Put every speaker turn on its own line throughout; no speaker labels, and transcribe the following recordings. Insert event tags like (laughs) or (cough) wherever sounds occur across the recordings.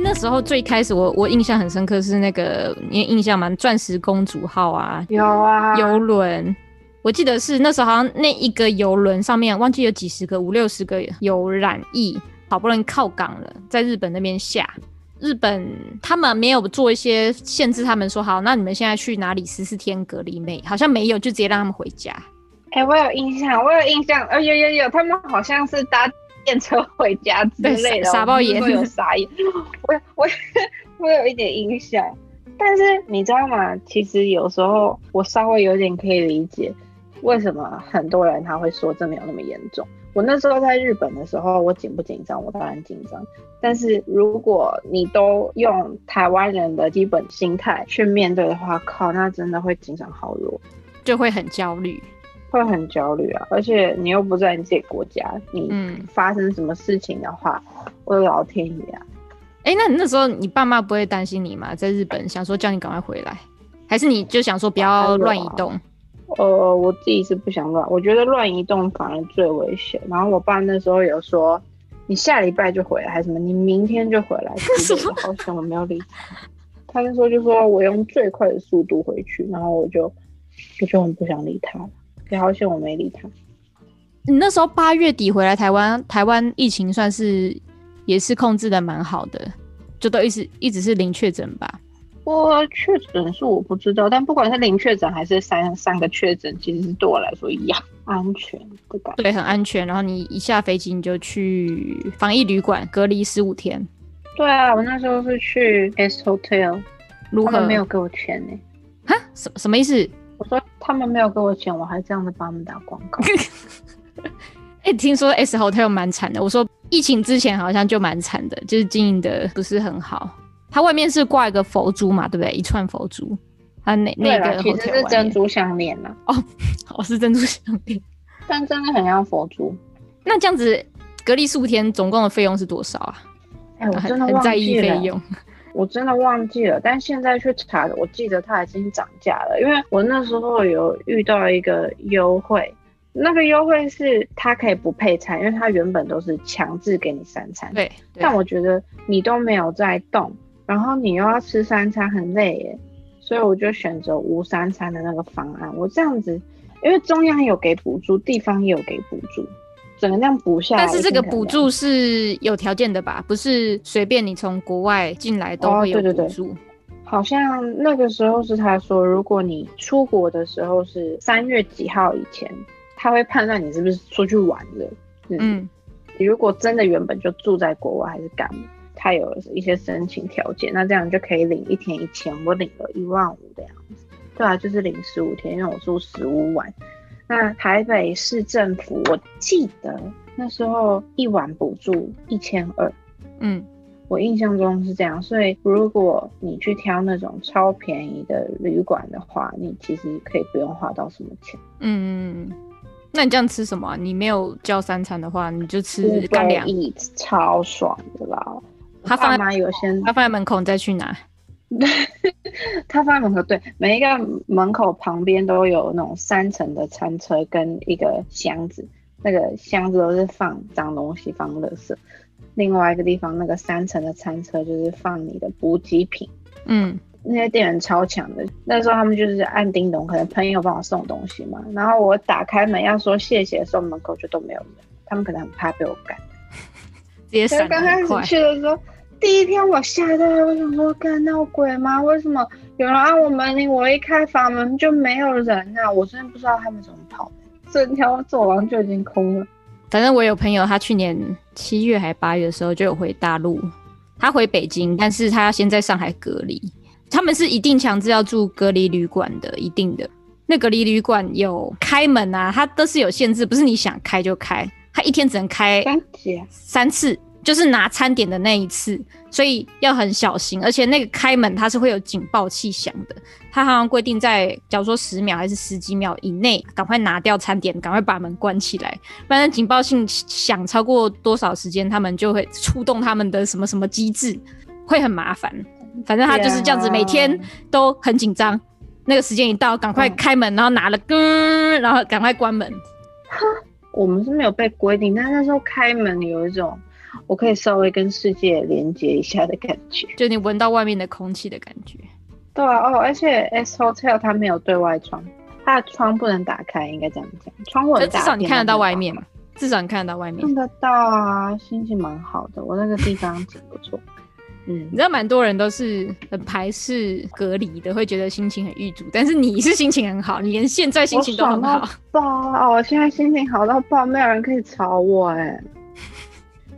欸、那時候最開始我，我我印象很深刻是那個，你的印象嗎？鑽石公主號啊，有啊，遊輪，我記得是那時候好像那一個遊輪上面忘記有幾十個五六十個有染疫，好不容易靠港了，在日本那邊下，日本他們沒有做一些限制，他們說好，那你們現在去哪裡？十四天隔離沒？好像沒有，就直接讓他們回家。哎、欸，我有印象，我
有印象，哎、哦、有有有，他們好像是搭電車回家之類的，傻爆眼，傻爆會有傻眼。 (laughs) 我我我有一點影響，但是你知道嗎？其實有時候我稍微有點可以理解，為什麼很多人他會說這沒有那麼嚴重。我那時候在日本的時候，我緊不緊張？我當然緊張。但是如果你都用台灣人的基本心態去面對的話，靠，那真的會緊張好弱，就會很焦慮。會很焦慮啊，而且你又不在你自己國家，你發生什麼事情的話，嗯、我的老天爺啊！哎、欸，那
你那時候你爸媽不會擔心你嗎？在日本想說叫你趕快回來，還是你就想說不要亂移
動、啊？呃，我自己是不想亂，我覺得亂移動反而最危險。然後我爸那時候有說，你下禮拜就回來還是什麼，你明天就回來什麼，好像我沒有理他。 (laughs) 他那時候就說我用最快的速度回去，然後我就，就我就很不想理他。好險我沒理他。你、嗯、那時候八
月底回來台灣，台灣疫情算是也是控制的蠻好的，就都一直一直是零確診吧。
我確診數我不知道，但不管是零確診還是三三個確診，其實是對我來說一樣安全，不管。對，很安全。
然後你一下飛機你就去防疫旅館隔離十五天。
對啊，我那時候是去 S Hotel。如何沒有給我錢呢、欸？哈，什什麼意思？我說他們沒有給我錢，我還這樣子
幫他們打廣告。哎、 (laughs) 欸，聽說 S Hotel 蠻慘的。我說疫情之前好像就蠻慘的，就是經營的不是很好。它外面是掛一個佛珠嘛，對不對？一串佛珠。它那那個、Hotel，其實是珍珠項鏈呢、啊啊哦。哦，是珍珠項鏈，但真的很像佛珠。那這樣子隔離數天，總共的費用是多少啊？哎、欸，我
真的、啊、很很在意費用。欸我真的忘記了，但現在去查，我記得它已經漲價了。因為我那時候有遇到一個優惠，那個優惠是它可以不配餐，因為它原本都是強制給你三餐。對，對。但我覺得你都沒有在動，然後你又要吃三餐，很累耶，所以我就選擇無三餐的那個方案。我這樣子，因為中央有給補助，地方也有給補助。只能這樣補下，但是這個補助
是有條件的吧？嗯、不是隨便你從國外進來都會有補助。哦對對
對。好像那個時候是他說，如果你出國的時候是三月幾號以前，他會判斷你是不是出去玩了。嗯，嗯，你如果真的原本就住在國外還是幹嘛，他有一些申請條件，那這樣就可以領一天一千。我領了一萬五的樣子。對啊，就是領十五天，因為我住十五晚。那台北市政府，我記得那時候一晚補助一千二，嗯，我印象中是這樣。所以如果你去挑那種超便宜的旅館的話，你其實可以不用花到什麼錢。嗯，
那你這樣吃什麼、啊？你沒有叫
三餐的話，你就吃乾糧，B -B 超爽的啦。
他放在
哪？有先他放在門口，你再去拿。 (laughs) 他放在門口，對，每一個門口旁邊都有那種三層的餐車跟一個箱子，那個箱子都是放髒東西、放垃圾。另外一個地方，那個三層的餐車就是放你的補給品。嗯，那些店員超強的，那時候他們就是按叮咚，可能朋友幫我送東西嘛。然後我打開門要說謝謝的時候，門口就都沒有人，他們可能很怕被我幹。也是，剛開始去的時候。第一天我嚇到，我想說看到鬼嗎？為什麼有人按我門鈴？我一開房門就沒有人啊！我真的不知道他們怎麼跑。整條走廊就已經空了。
反正我有朋友，他去年七月還八月的時候就有回大陸，他回北京，但是他要先在上海隔離。他們是一定強制要住隔離旅館的，一定的。那隔離旅館有開門啊，它都是有限制，不是你想開就開，他一天只能開三三次。謝謝就是拿餐點的那一次，所以要很小心。而且那個開門它是會有警報器響的，它好像規定在，假如說十秒還是十幾秒以內，趕快拿掉餐點，趕快把門關起來。不然警報器響超過多少時間，他們就會觸動他們的什麼什麼機制，會很麻煩。反正他就是這樣子，每天都很緊張。Yeah. 那個時間一到，趕快開門，然後拿了，然後趕快關門。哼
(laughs) 我們是沒有被規定，但那時候開門有一種。我可以稍微跟世界連接一下的感覺，就你聞到外面的空氣的感覺。對啊，哦，而且 S Hotel 它沒有對外窗，它的窗不能打開，應該這樣講。窗戶很大，至少你看得到外面嘛？至少你看得到外面。看得到啊，心情蠻好的。我那個地方挺不錯。 (laughs) 嗯，
你知道蠻多人都是很排斥隔離的，會覺得心情很鬱卒，但是你是心情很
好，你連現在心情都很好。爽到爆！我現在心情好到爆，沒有人可以吵我哎、欸。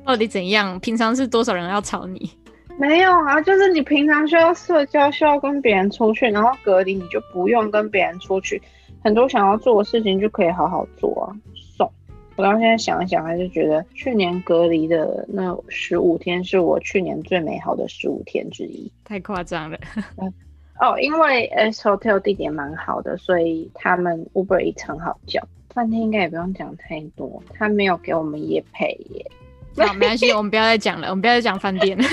到底怎樣？平常是多少人要吵你？
沒有啊，就是你平常需要社交，需要跟別人出去，然後隔離你就不用跟別人出去，很多想要做的事情就可以好好做啊。送我到現在想一想，還是覺得去年隔離的那十五天是我去年最美好的十五天之一。太誇張了！哦、嗯，oh, 因為 S Hotel 地點蠻好的，所以他們 Uber 也很好叫。飯店應該也不用講太多，他沒有給我們業配。耶。 (laughs) 好，沒關係，我們不要再講了，我們不要再講飯店。 (laughs)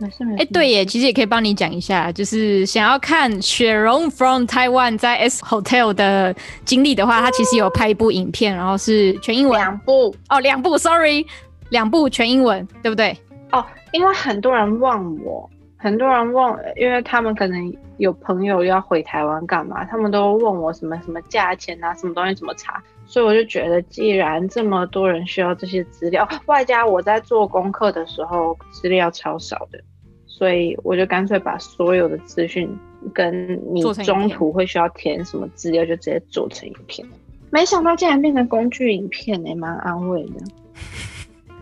沒事
沒事、欸。哎，對耶，其實也可以幫你講一下，就是想要看雪榕 from Taiwan 在 S Hotel 的經歷的話，他其實有拍一部影片，哦、然後是全英文。兩部哦，兩部，Sorry，兩部全英文，對不對？哦，因為很多人
問我，很多人問，因為他們可能有朋友要回台灣幹嘛，他們都問我什麼什麼價錢啊，什麼東西怎麼查。所以我就覺得，既然這麼多人需要這些資料，外加我在做功課的時候資料超少的，所以我就乾脆把所有的資訊跟你中途會需要填什麼資料，就直接做成影片。沒想到竟然變成工具影片、欸，也蠻安慰的。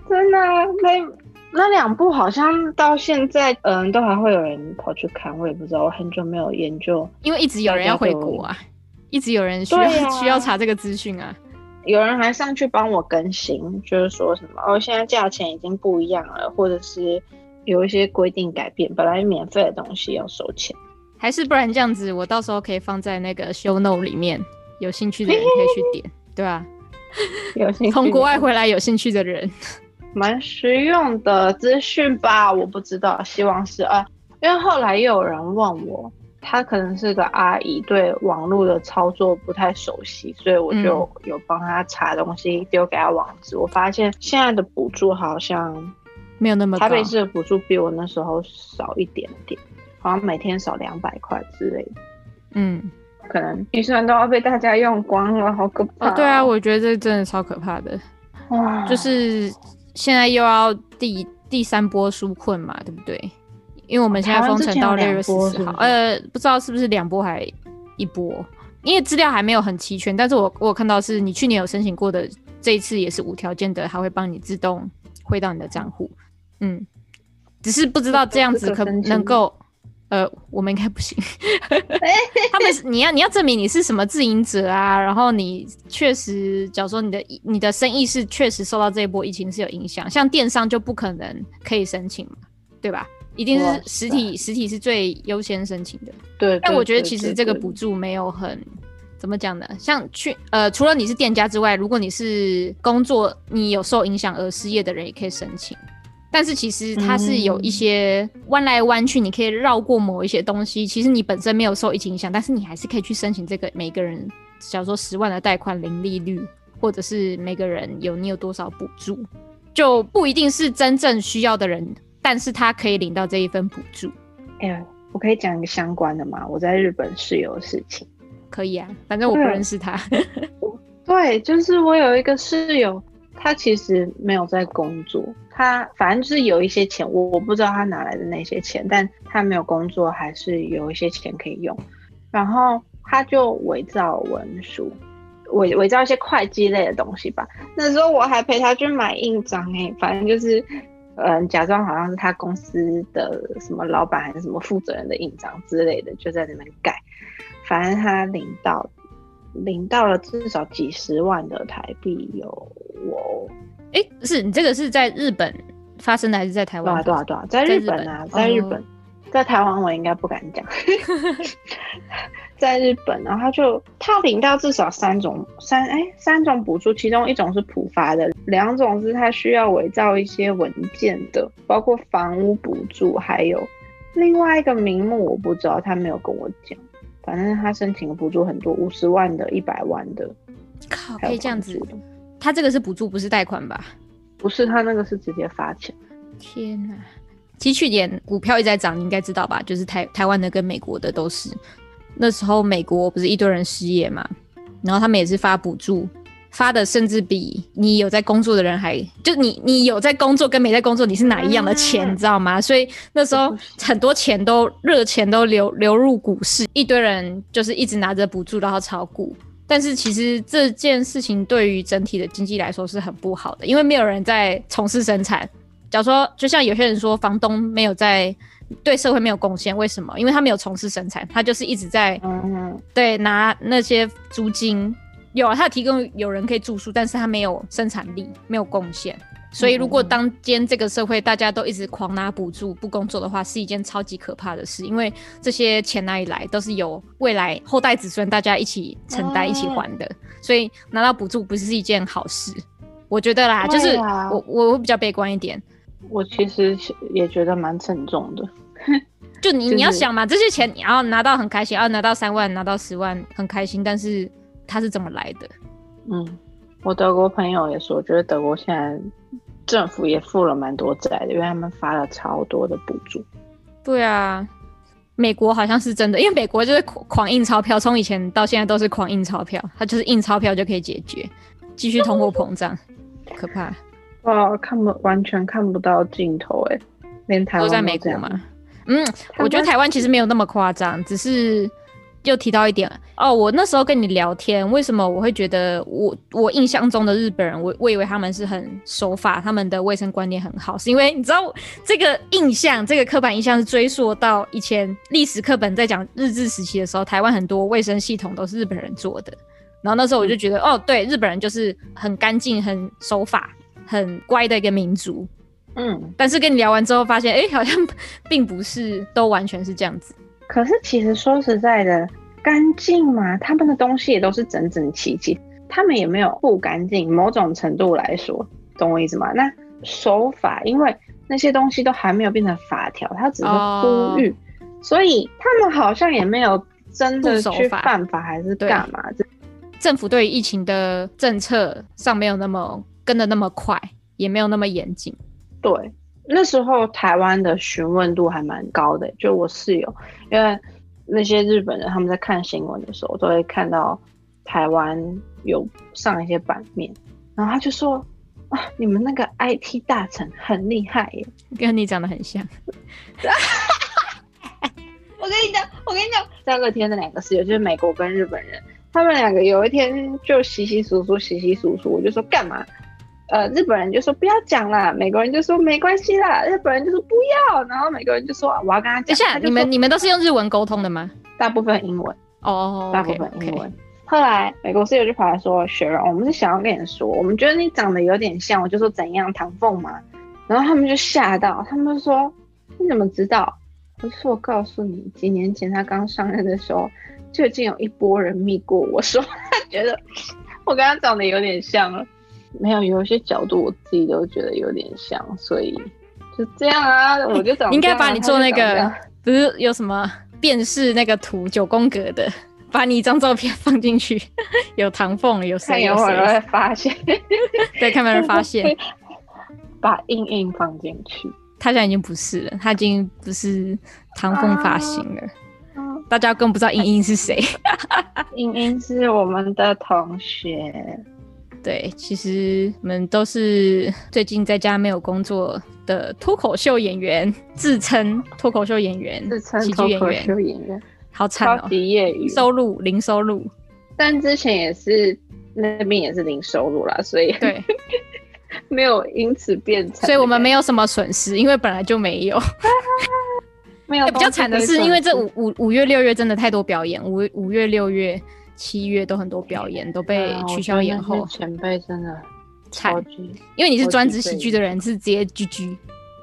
真的，那那兩部好像到現在，嗯，都還會有人跑去看，我也不知道。我很久沒有研究，因為一直有人要回國、啊。
一直有人需要、啊、需要查這個資訊啊，
有人還上去幫我更新，就是說什麼哦，現在價錢已經不一樣了，或者是有一些規定改變，本來免費的東西要收錢，
還是不然這樣子，我到時候可以放在那個 show note 裡面，有興趣的人可以去點， (laughs) 對吧、啊？有興趣，從 (laughs) 國外
回來有興趣的人，蠻實用的資訊吧，我不知道，希望是啊，因為後來又有人問我。她可能是個阿姨，對網絡的操作不太熟悉，所以我就有幫她查東西，丟給她網址。嗯。我發現現在的補助好像
沒有那麼多。台北市的
補助比我那時候少一點點，好像每天少兩百塊之類的。
嗯，
可能預算都要被大家用光了，好可怕哦。哦，對啊，我覺得這真的超可怕的。
哇，就是現在又要第第三波紓困嘛，對不對？因為我們現在封城到六月十四號，呃，不知道是不是兩波還一波，因為資料還沒有很齊全。但是我我看到是你去年有申請過的，這一次也是無條件的，他會幫你自動匯到你的賬戶。嗯，只是不知道這樣子可，不可，不可能夠，呃，我們應該不行。 (laughs) 他們你要你要證明你是什麼自營者啊，然後你確實，假如說你的你的生意是確實受到這一波疫情是有影響，像電商就不可能可以申請嘛，對吧？一定是實體，實體是最優先申請的。對，對，但我覺得其實這個補助沒有很怎麼講呢？像去呃，除了你是店家之外，如果你是工作，你有受影響而失業的人也可以申請。但是其實它是有一些彎來彎去，你可以繞過某一些東西，嗯。其實你本身沒有受疫情影響，但是你還是可以去申請這個每個人，假如說十萬的貸款零利率，或者是每個人有你有多少補助，就不一定是真正需要的人，但是他可以領
到這一份補助。哎、欸、呀，我可以講一個相關的嗎？我在日本室友的事情，可以啊，反正我不認識他。對，對就是我有一個室友，他其實沒有在工作，他反正就是有一些錢，我我不知道他哪來的那些錢，但他沒有工作，還是有一些錢可以用。然後他就偽造文書，偽偽造一些會計類的東西吧。那時候我還陪他去買印章、欸，誒，反正就是。嗯，假裝好像是他公司的什麼老闆還是什麼負責人的印章之類的，就在裡面蓋。反正他領到，領到了至少幾十萬的台幣有我，哎、
欸，不是，你這個是在日本發生的還是在台灣、對啊對啊對啊？在日本啊，在日本，在日本、
oh. 在台灣我應該不敢講。 (laughs) 在日本、啊，然後他就他領到至少三種三誒、欸，三種補助，其中一種是普發的，兩種是他需要偽造一些文件的，包括房屋補助，還有另外一個名目我不知道，他沒有跟我講。反正他申請的補助很多，五十萬的，一百萬的，
靠，可以這樣子。他這個是補助，不是貸款吧？不是，他那個是直接發錢。天啊，其實去年股票一直在漲，你應該知道吧？就是台台灣的跟美國的都是。那時候美國不是一堆人失業嘛，然後他們也是發補助，發的甚至比你有在工作的人還，就你你有在工作跟沒在工作，你是哪一樣的錢，你知道嗎？所以那時候很多錢都熱錢都流流入股市，一堆人就是一直拿着補助然後炒股，但是其實這件事情對於整體的經濟來說是很不好的，因為沒有人在從事生產。假如說，就像有些人說，房東沒有在。對社會沒有貢獻，為什麼？因為他沒有從事生產，他就是一直在，嗯，對，拿那些租金。有啊，他提供有人可以住宿，但是他沒有生產力，沒有貢獻。所以，如果當今這個社會大家都一直狂拿補助不工作的話，是一件超級可怕的事。因為這些錢哪裡來，都是由未來後代子孫大家一起承擔、嗯、一起還的。所以，拿到補助不是一件好事。我覺得啦，啊、就是我我我會比較悲觀一點。
我其實也覺得蠻沉重的。
(laughs) 就你、就是，你要想嘛，這些錢你要、啊、拿到很開心，要、啊、拿到三萬，拿到十萬很開心，但是他是怎麼來的？
嗯，我德國朋友也說，我覺得德國現在政府也負了蠻多債的，因為他們發了超多的補助。
對啊，美國好像是真的，因為美國就是狂印鈔票，從以前到現在都是狂印鈔票，他就是印鈔票就可以解決，繼續通貨膨脹，
(laughs) 可怕。哇，看不、完全看不到盡頭哎、欸，連台灣都在美國嗎？
嗯，我覺得台灣其實沒有那麼誇張，只是就提到一點哦。我那時候跟你聊天，為什麼我會覺得我我印象中的日本人，我我以為他們是很守法、他們的衛生觀念很好，是因為你知道這個印象，這個刻板印象是追溯到以前歷史課本在講日治時期的時候，台灣很多衛生系統都是日本人做的。然後那時候我就覺得，嗯、哦，對，日本人就是很乾淨、很守法、很乖的一個民族。嗯，但是跟你聊完之後發現，哎、欸，好像並不是都完全是這樣子。
可是其實說實在的，乾淨嘛，他們的東西也都是整整齊齊，他們也沒有不乾淨。某種程度來說，懂我意思嗎？那手法，因為那些東西都還沒有變成法條，它只是呼籲、哦，所以他們好像也沒有真的去法犯
法還是幹嘛對？政府對於疫情的政策上沒有那麼跟得那麼快，也沒有那麼嚴謹。
對，那時候台灣的詢問度還蠻高的，就我室友，因為那些日本人他們在看新聞的時候我都會看到台灣有上一些版面，然後他就說啊，你們那個 IT 大臣很厲害耶，跟你長得很像。 (laughs) 我跟你講，我跟你講，在樂天的兩個室友就是美國跟日本人，他們兩個有一天就窸窸窣窣，窸窸窣窣，我就說幹嘛？呃，日本人就說不要講啦，美國人就說沒關係啦，日本人就說不要，然後美
國人就說、啊、我要跟他講。等一下，你們你們都是用日文溝通的嗎？大部分英文
哦，oh, okay, 大部分英文。Okay. 後來美國室友就跑來說：“雪榕，我們是想要跟你說，我們覺得你長得有點像，我就說怎樣唐鳳嘛。”然後他們就嚇到，他們就說：“你怎麼知道？”我就說：“我告訴你，幾年前他剛上任的時候，最近有一波人密過我說，他覺得我跟他長得有點像了。”沒有，有一些角度我自己都覺得有點像，所以就這樣啊。我就講應該把你做那個，
不是有什麼電視那個圖九宮格的，把你一張照片放進去，有唐鳳，有誰？ (laughs) 看有人會
發現，對，看沒有人發現， (laughs) 有
有
發現 (laughs) 把茵茵放進去。
他現在已經不是了，他已經不是唐鳳髮型了。
Uh,
uh, 大家更不知道茵茵是誰。
茵 (laughs) 茵是我們的同學。
對，其實我們都是最近在家沒有工作的脫口秀演員，自稱
脫口秀演員，自稱脫口、口秀演員，好慘哦，喔，超級業餘，收入零收入，但之前也是那邊也是零收入啦，所以對 (laughs) 沒有因此變慘，所
以我們沒有什麼損失，因為本來就沒有， (laughs) 啊、沒有比較慘的是因為這五五五月六月真的太多表演，五五月六月。七月都很多表演，嗯、都被取消演，啊、後，前輩真的，真的超級。因為你是專職喜劇的人，是直接 GG。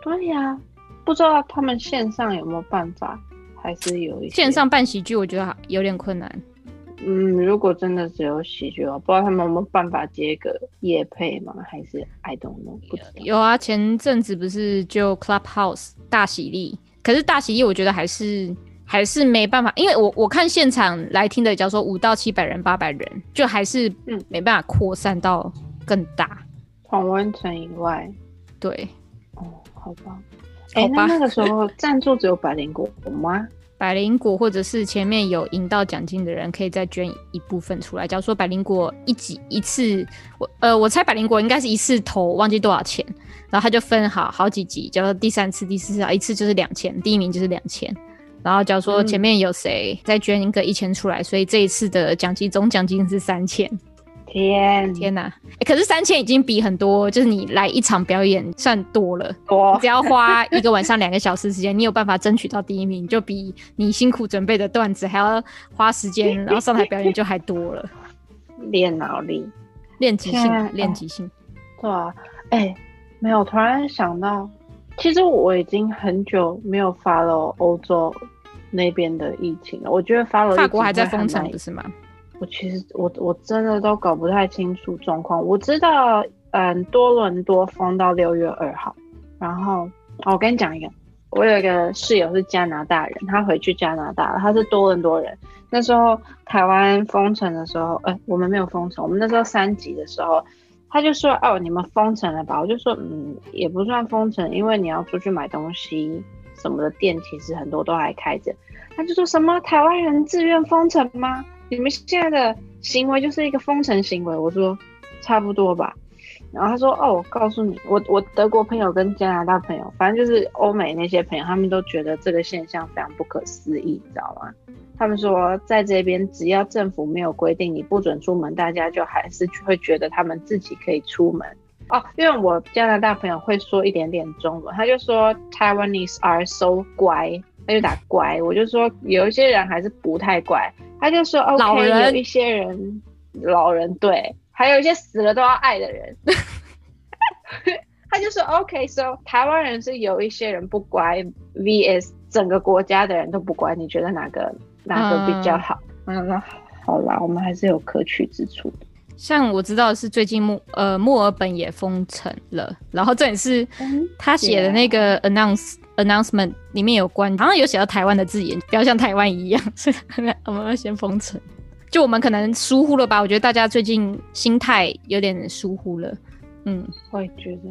對呀，啊，
不知道他們線上有沒有辦法，還是有線上辦喜劇，我覺得有點困難。
嗯，如果真的只有喜劇，我不知道他們有沒有辦法接個業配嗎？還是 I don't know
有。有啊，前陣子不是就 Clubhouse 大喜利，可是大喜利我覺得還是。還是沒辦法，因為我我看現場來聽的，假如說五到七百人、八百人，就還是嗯沒辦法擴散到更大。同溫層以外，對，哦，好吧，哎、欸，那那個時候贊助只
有百
靈果嗎？ (laughs) 百靈果或者是前面有贏到獎金的人可以再捐一部分出來。假如說百靈果一集一次，我呃我猜百靈果應該是一次投忘記多少錢，然後他就分好好幾集，假如第三次、第四次啊一次就是兩千，第一名就是兩千。然後，假如說前面有誰在捐一個一千、嗯、出來，所以這一次的獎金總獎金是三千。天，天哪、啊欸！可是三千已經比很多，就是你來一場表演算多了。多，只要花一個晚上兩個小時時間， (laughs) 你有辦法爭取到第一名，就比你辛苦準備的段子還要花時間， (laughs) 然後上台表演就還多了。練腦力，
練即、啊啊、即興，練即興。啊。哎、欸，沒有，突然想到。其實我已經很久沒有 follow 歐洲那邊的疫情了。我覺得 follow 法國還在封城，不是嗎？我其實我我真的都搞不太清楚狀況。我知道，嗯，多倫多封到六月二號。然後，我跟你講一個，我有一個室友是加拿大人，他回去加拿大了。他是多倫多人。那時候台灣封城的時候，哎、欸，我們沒有封城。我們那時候三級的時候。他就說：“哦，你們封城了吧？”我就說：“嗯，也不算封城，因為你要出去買東西什麼的店，其實很多都還開着。”他就說什麼“台灣人自願封城嗎？”你們現在的行為就是一個封城行為。我說：“差不多吧。”然後他說：“哦，我告訴你，我我德國朋友跟加拿大朋友，反正就是歐美那些朋友，他們都覺得這個現象非常不可思議，你知道嗎？他們說在這邊，只要政府沒有規定你不准出門，大家就還是會覺得他們自己可以出門。哦，因為我加拿大朋友會說一點點中文，他就說 Taiwanese are so 乖，他就打乖。我就說 (laughs) 有一些人還是不太乖，他就說老人 OK，有一些人老人對。”還有一些死了都要愛的人， (laughs) 他就說 (laughs) OK，so、okay, 台灣人是有一些人不乖 VS 整個國家的人都不乖，你覺得哪個哪個比較好？嗯，那好，好啦，我們還是有可取之處的。
像我知道的是最近呃墨呃墨爾本也封城了，然後這也是他寫的那個 announce、yeah. announcement 裡面有關，好像有寫到台灣的字眼，不要像台灣一樣，所 (laughs) 以我們要先封城。就我們可能疏忽了吧？我覺得大家最近心態有點疏忽了。嗯，我也覺得，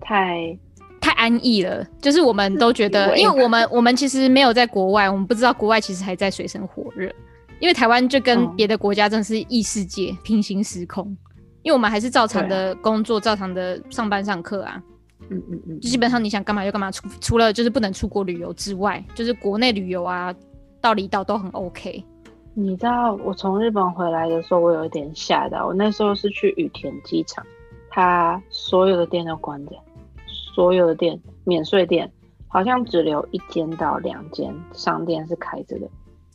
太太安逸了。就是我們都覺得，為因為我們我們其實沒有在國外，我們不知道國外其實還在水深火熱。因為台灣就跟別的國家真的是異世界、平行時空。因為我們還是照常的工作，啊、工作照常的上班上課啊。嗯，嗯嗯，
就基本上你
想幹嘛就幹嘛。除除了就是不能出國旅遊之外，就是國內旅遊啊，到離島都很 OK。
你知道我從日本回來的時候，我有一點嚇到。我那時候是去羽田機場，他所有的店都關着，所有的店免稅店好像只留一間到兩間商店是開着的。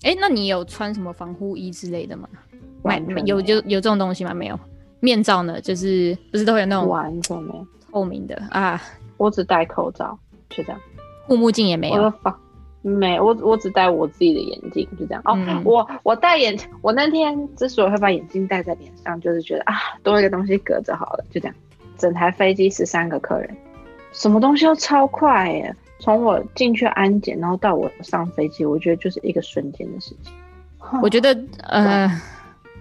哎、欸，那你有穿什麼防護衣之類的嗎？買有，有就有這種東西嗎？沒有。面罩呢？就是不是都會有那種？完全
沒有。透明的啊，我只戴口罩，就這樣。
護目鏡也沒有。
沒，我我只戴我自己的眼鏡，就這樣。哦，嗯、我我戴眼鏡，我那天之所以會把眼鏡戴在臉上，就是覺得啊，多一個東西隔着好了，就這樣。整台飛機十三個客人，什麼東西都超快耶。從我進去安檢，然後到我上飛機，我覺得就是一個瞬間的事情。我覺得呃，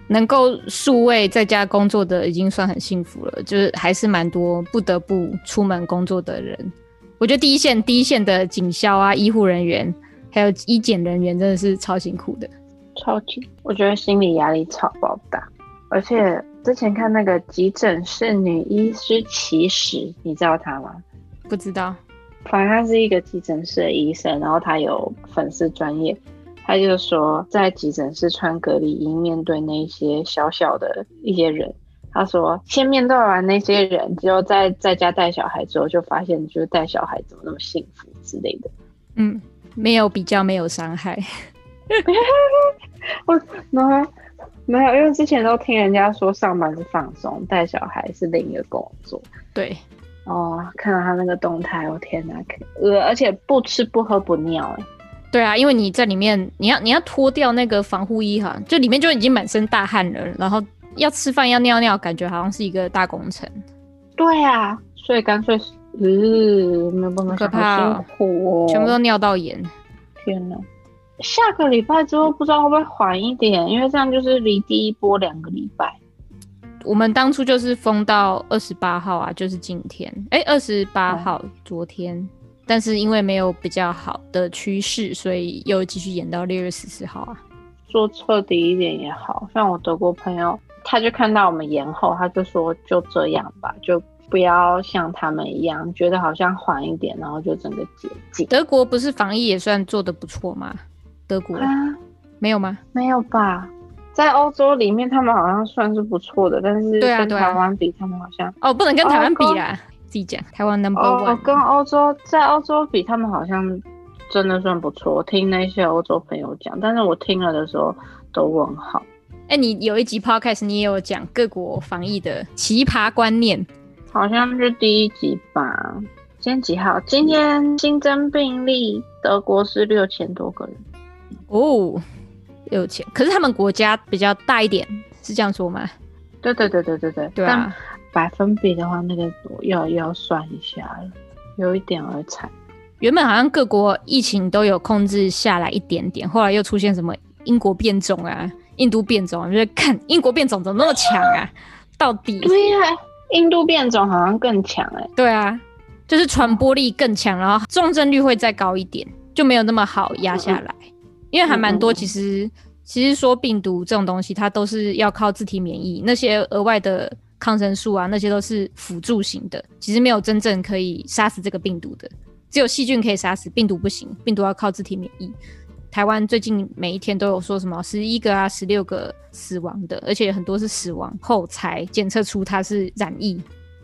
能夠數位在家工作的已經算很幸福了，就是還是蠻多不得不出門工作的人。我覺得第一線第一線的警消啊、醫護人員還有醫檢人員真的是超辛苦的，
超級。我覺得心理壓力超爆大，而且之前看那個急診室女醫師，其實你知道她嗎？不知道。反正她是一個急診室的醫生，然後她有粉絲專頁，她就說在急診室穿隔離衣，面對那些小小的一些人。他說：“先面對完那些人，只有在在家帶小孩之後，就發現就是帶小孩怎麼那麼幸福之類的。”嗯，沒有比較，沒有傷害。 (laughs) (laughs) 我，沒有，沒有，因為之前都聽人家說上班是放鬆，帶小孩是另一個工作。對，哦，看到他那個動態，我天哪！呃，而且不吃不喝不尿，哎，
對啊，因為你在裡面，你要你要脫掉那個防護衣哈，就裡面就已經滿身大汗了，然後。要吃飯，要尿尿，感覺好像是一個大工程。
對啊，所以乾脆，嗯、呃，沒辦法，可怕、哦，火。全部都尿道炎。天哪！下個禮拜之後不知道會不會緩一點，因為這樣就是
離第一波兩個禮拜。我們當初就是封到二十八號啊，就是今天，哎，二十八號、嗯，昨天，但是因為沒有比較好的
趨勢，所以又繼續延到六月十四號啊。做徹底一點也好，像我德國朋友。他就看到我們延後，他就說，就這樣吧，就不要像他們一樣，覺得好像緩一點，然後就整個解禁。德國不是防疫也算做得不錯嗎？德國啊，沒有嗎？沒有吧，在歐洲裡面他們好像算是不錯的，但是跟台灣比，他們好像對啊對啊哦，不能跟台灣比啦，自己講。台灣 Number One，我跟歐洲在歐洲比，他們好像真的算不錯。我聽那些歐洲朋友講，但是我聽了的時候都問號。
哎、欸，你有一集 podcast，你也有講各國防疫的奇葩觀念，好像
是第一集吧？今天幾號？今天新增病例，德國是六千多個人哦，六千。可是他們國家比較
大一點，是這樣說嗎？對
對對對對對、啊。那百分比的話，那個要要算一下了，有一點兒慘。原本好像各國疫情
都有控制下來一點點，後來又出現什麼英國變種啊？印度變種，你覺得看英國變種怎麼那麼強啊，啊？到底對呀、啊，印度變種好像更強哎、欸。對啊，就是傳播力更強，然後重症率會再高一點，就沒有那麼好壓下來、嗯。因為還蠻多，其實其實說病毒這種東西，它都是要靠自體免疫，那些額外的抗生素啊，那些都是輔助型的，其實沒有真正可以殺死這個病毒的，只有細菌可以殺死，病毒不行，病毒要靠自體免疫。台灣最近每一天都有說什麼十一個啊十六個死亡的，而且很多是死亡後才檢測出它是染疫，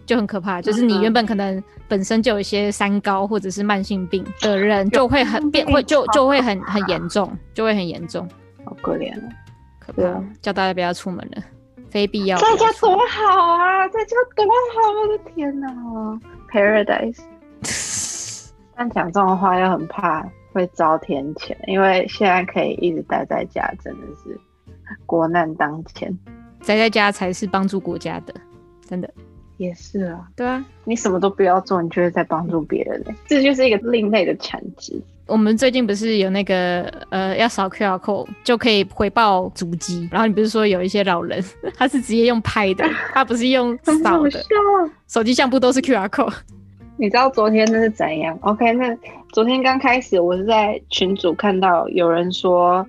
就很可怕。就是你原本可能本身就有一些三高或者是慢性病的人，就會很變會就就會很很嚴重，就會很嚴重，好可憐啊，可不要叫大家不要出門了，非必要，在家
多好啊，在家多好，我的天哪，啊，Paradise。但講這種話又很怕。會遭天譴，因為現在可以一直待在家，真的是國難當前，宅在家才是幫助國家的，真的也是啊，對啊，你什麼都不要做，你就是在幫助別人，欸，
這就是一個另類的產值。我們最近不是有那個呃，要掃 QR code 就可以回報足跡，然後你不是說有一些老人 (laughs) 他是直接用拍的，他不是用掃的， (laughs) 啊、手機相簿都
是 QR code。你知道昨天那是怎樣？OK，那昨天剛開始我是在群組看到有人說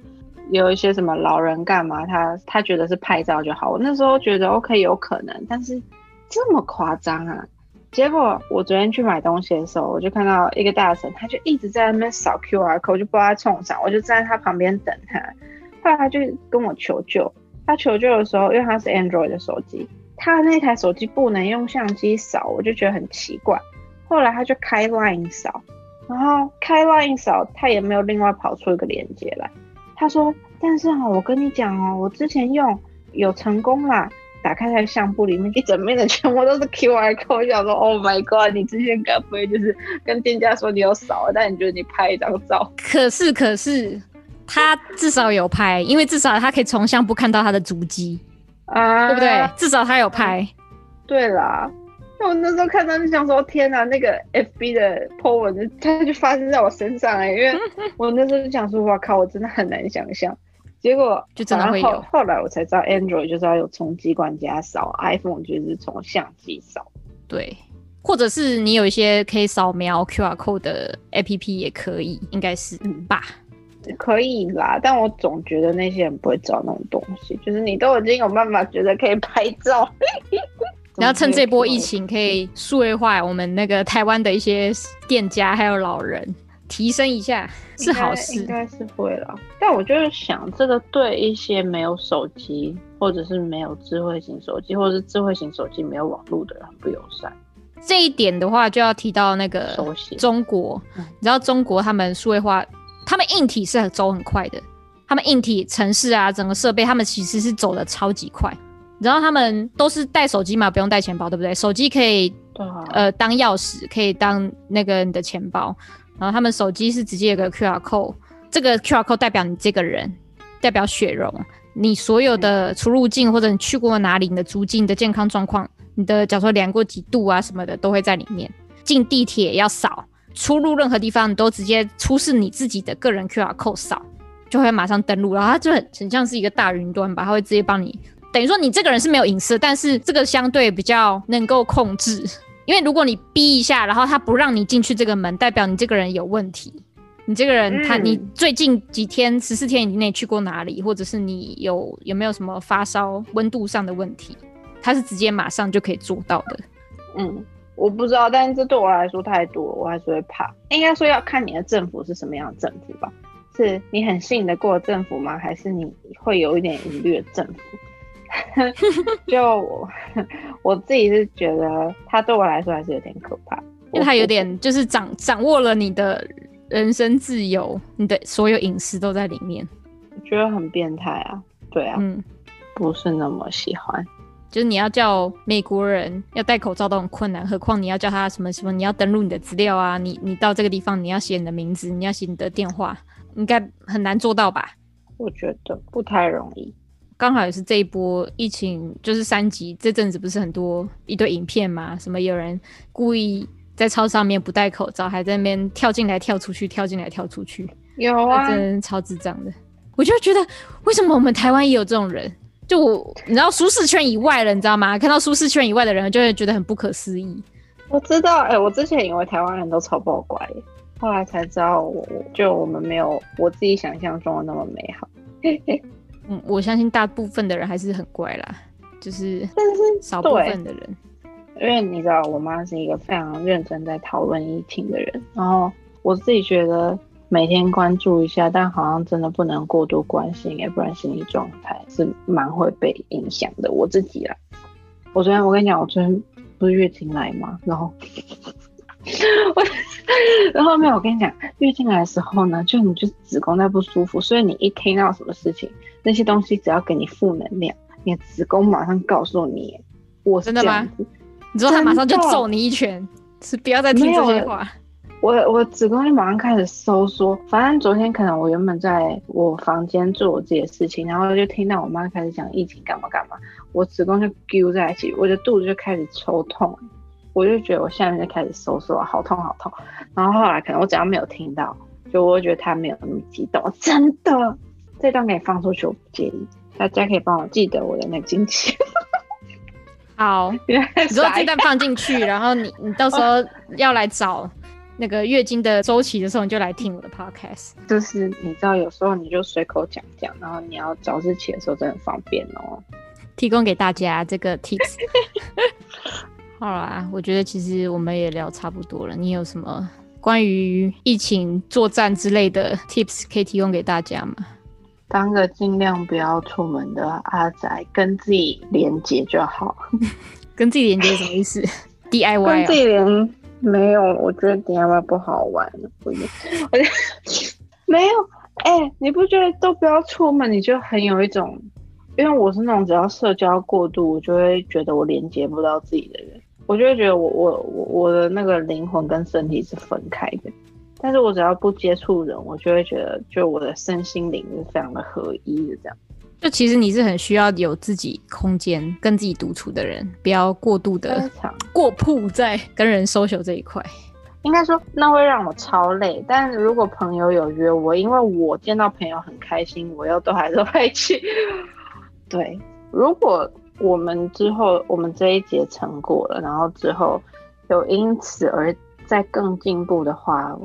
有一些什麼老人幹嘛，他他覺得是拍照就好。我那時候覺得 OK 有可能，但是這麼誇張啊！結果我昨天去買東西的時候，我就看到一個大神，他就一直在那邊掃 QR code，就不知道他衝啥，我就站在他旁邊等他。後來他就跟我求救，他求救的時候，因為他是 Android 的手機，他那台手機不能用相機掃，我就覺得很奇怪。後來他就開 LINE 掃，然後開 LINE 掃，他也沒有另外跑出一個連結來。他說：“但是哈、喔，我跟你講哦、喔，我之前用有成功啦，打開他的相簿裡面，一整面的全部都是 QR code。我想說，Oh my God，你之前該不會就是跟店家說你有掃，但你覺得你拍一張照？
可是可是，他至少有拍，因為至少他可以從相簿看到他的足跡
啊，對不對？至少他有拍。對啦。”我那時候看到就想說，天哪，那個 FB 的 PO 文，它就發生在我身上哎、欸！因為我那時候就想說，哇靠，我真的很難想象。結果就真的會有後。後來我才知道，Android 就是要有手機管家掃，iPhone 就是從相機掃。對，
或者是你有一些可以掃描 QR Code 的 APP 也可以，應該是、
嗯、吧？可以啦，但我總覺得那些人不會找那種東西，就是你都已經有辦法覺得可以拍照。 (laughs)
然後趁這波疫
情，可以數
位化我們那個台灣的一些店家，還有老人，提升一下是好事。應該，應該是會
了，但我就想，這個對一些沒有手機，或者是沒有智慧型手機，或者是智慧型手機沒有網絡的人不友善。
這一點的話，就要提到那個中國。你知道中國他們數位化，他們硬體是很走很快的，他們硬體、城市啊，整個設備，他們其實是走得超級快。然後他們都是帶手機嘛，不用帶錢包，對不對？手機可以，呃，當鑰匙，可以當那個你的錢包。然後他們手機是直接有個 QR code，這個 QR code 代表你這個人，代表雪榕，你所有的出入境或者你去過哪裡，你的租境，你的健康狀況、你的，假如說量過幾度啊什麼的，都會在裡面。進地鐵要掃，出入任何地方你都直接出示你自己的個人 QR code 掃，就會馬上登錄，然後它就很很像是一個大雲端吧，它會直接幫你。等於說你這個人是沒有隱私，但是這個相對比較能夠控制，因為如果你逼一下，然後他不讓你進去這個門，代表你這個人有問題。你這個人，他你最近幾天十四天以內去過哪裡，或者是你有有沒有什麼發燒溫度上的問題，他是直接馬上就可以做到的。
嗯，我不知道，但是這對我來說太多，我還是會怕。應該說要看你的政府是什麼樣的政府吧？是你很信得過的政府嗎？還是你會有一點疑慮的政府？ (laughs) 就我 (laughs) 我自己是覺得他對我來說還是有點可怕，
因為他有點就是掌掌握了你的人身自由，你的所有隱私都在裡面，我覺得很變態啊。對啊，嗯，
不是那麼喜歡。
就是你要叫美國人要戴口罩都很困難，何況你要叫他什麼什麼，你要登錄你的資料啊，你你到這個地方你要寫你的名字，你要寫你的電話，應該很難做到吧？我覺得不太容易。剛好也是這一波疫情，就是三級。這陣子不是很多一堆影片嗎？什麼有人故意在超市上面不戴口罩，還在那邊跳進來、跳出去、跳進來、跳出去。有啊，真超智障的。我就覺得，為什麼我們台灣也有這種人？就我你知道舒適圈以外的人，你知道嗎？看到舒適圈以外的人，就會覺得很不可思議。
我知道，哎、欸，我之前以為台灣人都超爆怪，後來才知道，我就我們沒有我自己想象中的那麼美好。 (laughs) 嗯，我相
信大部分的人還是很乖啦，就是但是
少部分的人，因為你知道，我媽是一個非常認真在討論疫情的人，然後我自己覺得每天關注一下，但好像真的不能過多關心，欸，要不然心理狀態是蠻會被影響的。我自己啊，我昨天我跟你講，我昨天不是月經來嗎？然後 (laughs) 我然後沒有我跟你講月經來的時候呢，就你就子宮在不舒服，所以你一聽到什麼事情。那些東西只要給你負能量，你的子宮馬上告訴你，我真的嗎？真的？你知道他馬上就揍你一拳，是
不要再聽這些
話。我我子宮就馬上開始收縮。反正昨天可能我原本在我房間做我自己的事情，然後就聽到我媽開始講疫情幹嘛幹嘛，我子宮就揪在一起，我的肚子就開始抽痛，我就覺得我下面就開始收縮，好痛好痛。然後後來可能我只要沒有聽到，就我就覺得他沒有那麼激動，真的。這段可以放出去，我不介意。大家可以幫我記得我的那個金錢。 (laughs) 好，如果這段放進去， (laughs) 然後你你到時候
要來找那個月經的周期的時候，你就來聽我的 podcast。
就是你知道，有時候你就隨口講講，然後你要找日期的時候，真的很方便哦。
提供給大家這個 tips。
(laughs) 好啦，我覺得其實
我們也聊差不多了。你有什麼關於疫情作戰之類的 tips 可以提供給大家嗎？當個盡量不要出門的阿宅，
跟自己連接就好。 (laughs) 跟自己連接什麼意思？D I Y。 (laughs) 跟自己連 (laughs) 沒有，我覺得 D I Y 不好玩。 (laughs) 沒有，哎、欸，你不覺得都不要出門，你就很有一種，因為我是那種只要社交過度，我就會覺得我連接不到自己的人，我就會覺得我我我我的那個靈魂跟身體是分開的。但是我只要不接觸人，我就會覺得，就我的身心靈是非常的合一的這樣。
就其實你是很需要有自己空間跟自己獨處的人，不要過度的
過曝在
跟人 social 這一塊。
應該說，那會讓我超累。但如果朋友有約我，因為我見到朋友很開心，我又都還是會去。對，如果我們之後我們這一集成果了，然後之後就因此而再更進步的話。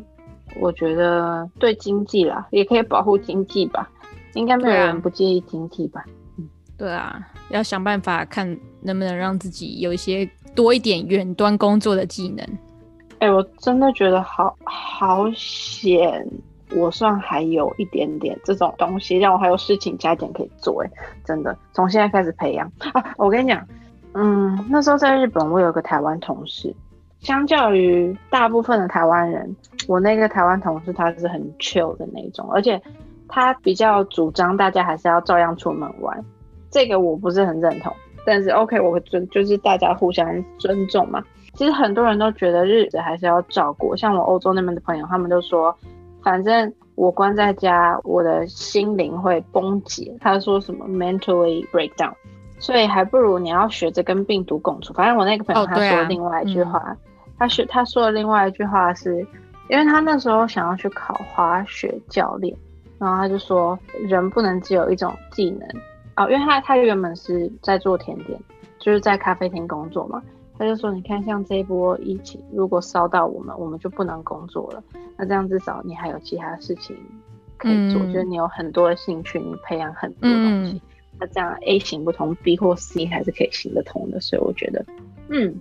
我覺得對經濟啦，也可以保護經濟吧，應該沒有人不介意經濟吧、啊。嗯，對啊，
要想辦法看能不能讓自己有一些多一點遠端工作的
技能。哎、欸，我真的覺得好好險，我算還有一點點這種東西，讓我還有事情加減可以做、欸。哎，真的，從現在開始培養啊！我跟你講，嗯，那時候在日本，我有個台灣同事。相較於大部分的台灣人，我那個台灣同事他是很 chill 的那種，而且他比較主張大家還是要照樣出門玩，這個我不是很認同。但是 OK，我會尊就是大家互相尊重嘛。其實很多人都覺得日子還是要照過，像我歐洲那邊的朋友，他們都說，反正我關在家，我的心靈會崩解。他說什麼 mentally breakdown，所以還不如你要學着跟病毒共處。反正我那個朋友他說另外一句話。哦他是他說的另外一句話是，因為他那時候想要去考滑雪教練，然後他就說人不能只有一種技能啊、哦，因為他他原本是在做甜點，就是在咖啡廳工作嘛。他就說你看像這一波疫情，如果燒到我們，我們就不能工作了，那這樣至少你還有其他事情可以做。嗯、就是你有很多的興趣，你培養很多東西、嗯，那這樣 A 行不通，B 或 C 還是可以行得通的。所以我覺得，嗯。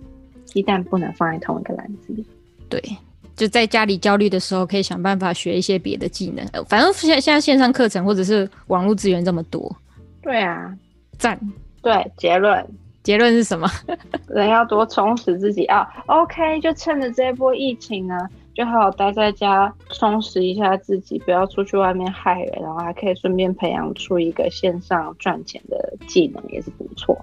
雞蛋不能放在同一個籃子裡。對，
就在家裡焦慮的時候，可以想辦法學一些別的技能。呃、反正現現在線上課程或者是網絡資源這麼多。
對啊，讚。對，結論結論是什麼？ (laughs) 人要多充實自己啊、哦。OK，就趁着這一波疫情呢，就好好待在家，充實一下自己，不要出去外面害人，然後還可以順便培養出一個線上賺錢的技能，也是不錯，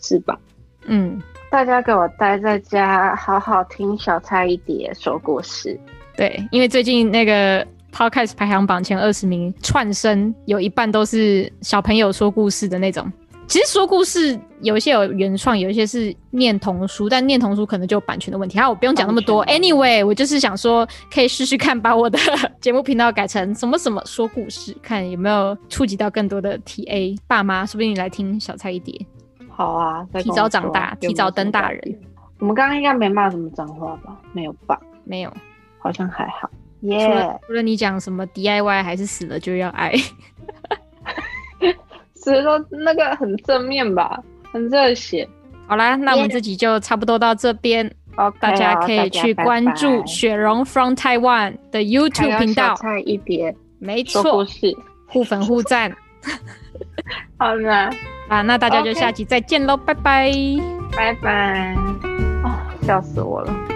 是吧？嗯。大家給我待在家，好好聽小菜一碟說故事。
對，因為最近那個 Podcast 排行榜前二十名串聲有一半都是小朋友說故事的那種。其實說故事有一些有原創，有一些是念童書，但念童書可能就有版權的問題。啊，我不用講那麼多。Anyway，我就是想說，可以試試看把我的節目頻道改成什麼什麼說故事，看有沒有觸及到更多的 TA 爸媽，說不定你來聽小菜一
碟。好啊，提早長大，提早登大人。我們剛剛應該沒罵什麼髒話吧？沒有吧？沒有，好像還
好。耶、yeah！除了你講什麼 DIY，還是死了就要愛。所 (laughs) 以 (laughs) 說那個很正面吧，很熱血。好啦，那我們自己就差不多到這邊。Yeah. Okay, 大家可以去關注雪榕 from Taiwan 的 YouTube 頻道。
一
沒錯，是互粉互讚。 (laughs) 好的啊，啊，那大家就下期再見嘍，okay. 拜拜，拜拜，哦，笑死我了。